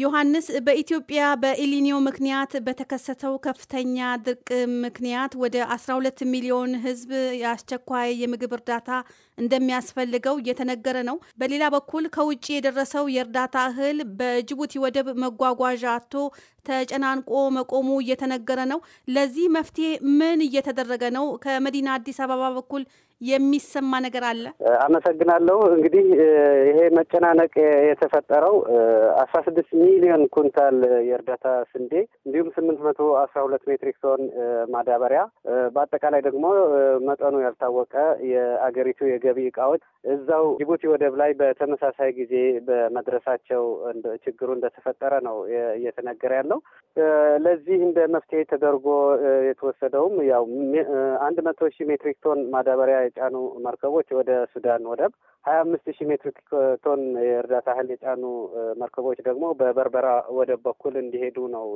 ዮሐንስ በኢትዮጵያ በኢሊኒዮ ምክንያት በተከሰተው ከፍተኛ ድርቅ ምክንያት ወደ 12 ሚሊዮን ሕዝብ የአስቸኳይ የምግብ እርዳታ እንደሚያስፈልገው እየተነገረ ነው። በሌላ በኩል ከውጭ የደረሰው የእርዳታ እህል በጅቡቲ ወደብ መጓጓዣ አቶ ተጨናንቆ መቆሙ እየተነገረ ነው። ለዚህ መፍትሄ ምን እየተደረገ ነው? ከመዲና አዲስ አበባ በኩል የሚሰማ ነገር አለ? አመሰግናለሁ። እንግዲህ ይሄ መጨናነቅ የተፈጠረው አስራ ስድስት ሚሊዮን ኩንታል የእርዳታ ስንዴ እንዲሁም ስምንት መቶ አስራ ሁለት ሜትሪክ ቶን ማዳበሪያ በአጠቃላይ ደግሞ መጠኑ ያልታወቀ የአገሪቱ የገቢ እቃዎች እዛው ጅቡቲ ወደብ ላይ በተመሳሳይ ጊዜ በመድረሳቸው ችግሩ እንደተፈጠረ ነው እየተነገረ ያለው። ነው። ለዚህ እንደ መፍትሄ ተደርጎ የተወሰደውም ያው አንድ መቶ ሺህ ሜትሪክ ቶን ማዳበሪያ የጫኑ መርከቦች ወደ ሱዳን ወደብ፣ ሀያ አምስት ሺህ ሜትሪክ ቶን የእርዳታ እህል የጫኑ መርከቦች ደግሞ በበርበራ ወደብ በኩል እንዲሄዱ ነው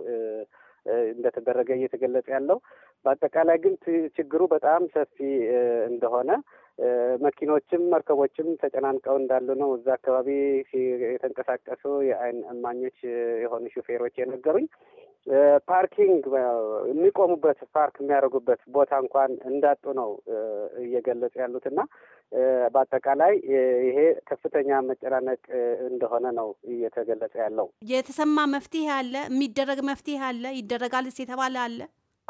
እንደተደረገ እየተገለጸ ያለው። በአጠቃላይ ግን ችግሩ በጣም ሰፊ እንደሆነ መኪኖችም መርከቦችም ተጨናንቀው እንዳሉ ነው እዛ አካባቢ የተንቀሳቀሱ የአይን እማኞች የሆኑ ሹፌሮች የነገሩኝ። ፓርኪንግ የሚቆሙበት ፓርክ የሚያደርጉበት ቦታ እንኳን እንዳጡ ነው እየገለጹ ያሉት እና በአጠቃላይ ይሄ ከፍተኛ መጨናነቅ እንደሆነ ነው እየተገለጸ ያለው። የተሰማ መፍትሄ አለ? የሚደረግ መፍትሄ አለ? ይደረጋልስ የተባለ አለ?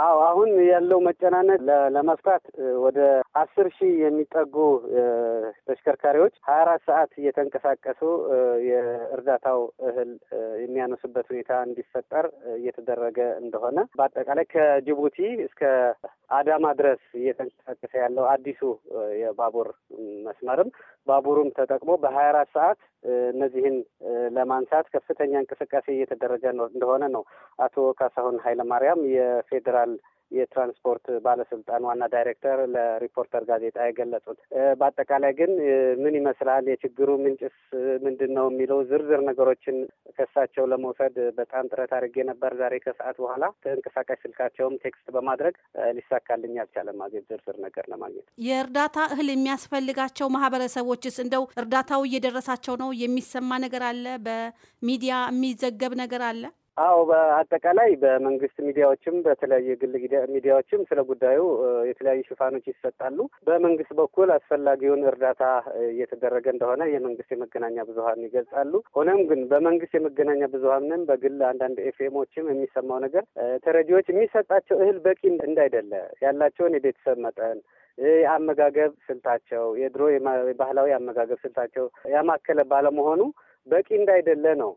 አዎ አሁን ያለው መጨናነቅ ለመፍታት ወደ አስር ሺህ የሚጠጉ ተሽከርካሪዎች ሀያ አራት ሰዓት እየተንቀሳቀሱ የእርዳታው እህል የሚያነሱበት ሁኔታ እንዲፈጠር እየተደረገ እንደሆነ በአጠቃላይ ከጅቡቲ እስከ አዳማ ድረስ እየተንቀሳቀሰ ያለው አዲሱ የባቡር መስመርም ባቡሩን ተጠቅሞ በሀያ አራት ሰዓት እነዚህን ለማንሳት ከፍተኛ እንቅስቃሴ እየተደረገ እንደሆነ ነው አቶ ካሳሁን ኃይለማርያም የፌዴራል የትራንስፖርት ባለስልጣን ዋና ዳይሬክተር ለሪፖርተር ጋዜጣ የገለጹት። በአጠቃላይ ግን ምን ይመስላል የችግሩ ምንጭስ ምንድን ነው የሚለው ዝርዝር ነገሮችን ከሳቸው ለመውሰድ በጣም ጥረት አድርጌ ነበር። ዛሬ ከሰዓት በኋላ ተንቀሳቃሽ ስልካቸውም ቴክስት በማድረግ ሊሳካልኝ አልቻለም። ማግኘት ዝርዝር ነገር ለማግኘት የእርዳታ እህል የሚያስፈልጋቸው ማህበረሰቦችስ እንደው እርዳታው እየደረሳቸው ነው የሚሰማ ነገር አለ? በሚዲያ የሚዘገብ ነገር አለ? አዎ በአጠቃላይ በመንግስት ሚዲያዎችም በተለያዩ የግል ሚዲያዎችም ስለ ጉዳዩ የተለያዩ ሽፋኖች ይሰጣሉ። በመንግስት በኩል አስፈላጊውን እርዳታ እየተደረገ እንደሆነ የመንግስት የመገናኛ ብዙኃን ይገልጻሉ። ሆኖም ግን በመንግስት የመገናኛ ብዙኃንም በግል አንዳንድ ኤፍኤሞችም የሚሰማው ነገር ተረጂዎች የሚሰጣቸው እህል በቂ እንዳይደለ ያላቸውን የቤተሰብ መጠን የአመጋገብ ስልታቸው የድሮ ባህላዊ አመጋገብ ስልታቸው ያማከለ ባለመሆኑ በቂ እንዳይደለ ነው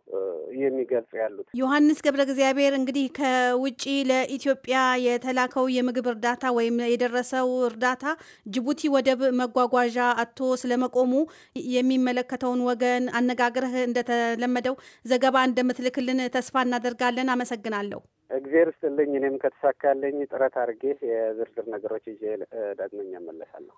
የሚገልጹ ያሉት ዮሐንስ ገብረ እግዚአብሔር። እንግዲህ ከውጭ ለኢትዮጵያ የተላከው የምግብ እርዳታ ወይም የደረሰው እርዳታ ጅቡቲ ወደብ መጓጓዣ አቶ ስለመቆሙ የሚመለከተውን ወገን አነጋግረህ እንደተለመደው ዘገባ እንደምትልክልን ተስፋ እናደርጋለን። አመሰግናለሁ። እግዜር ይስጥልኝ። እኔም ከተሳካለኝ ጥረት አድርጌ የዝርዝር ነገሮች ይዤ ዳግመኛ እመለሳለሁ።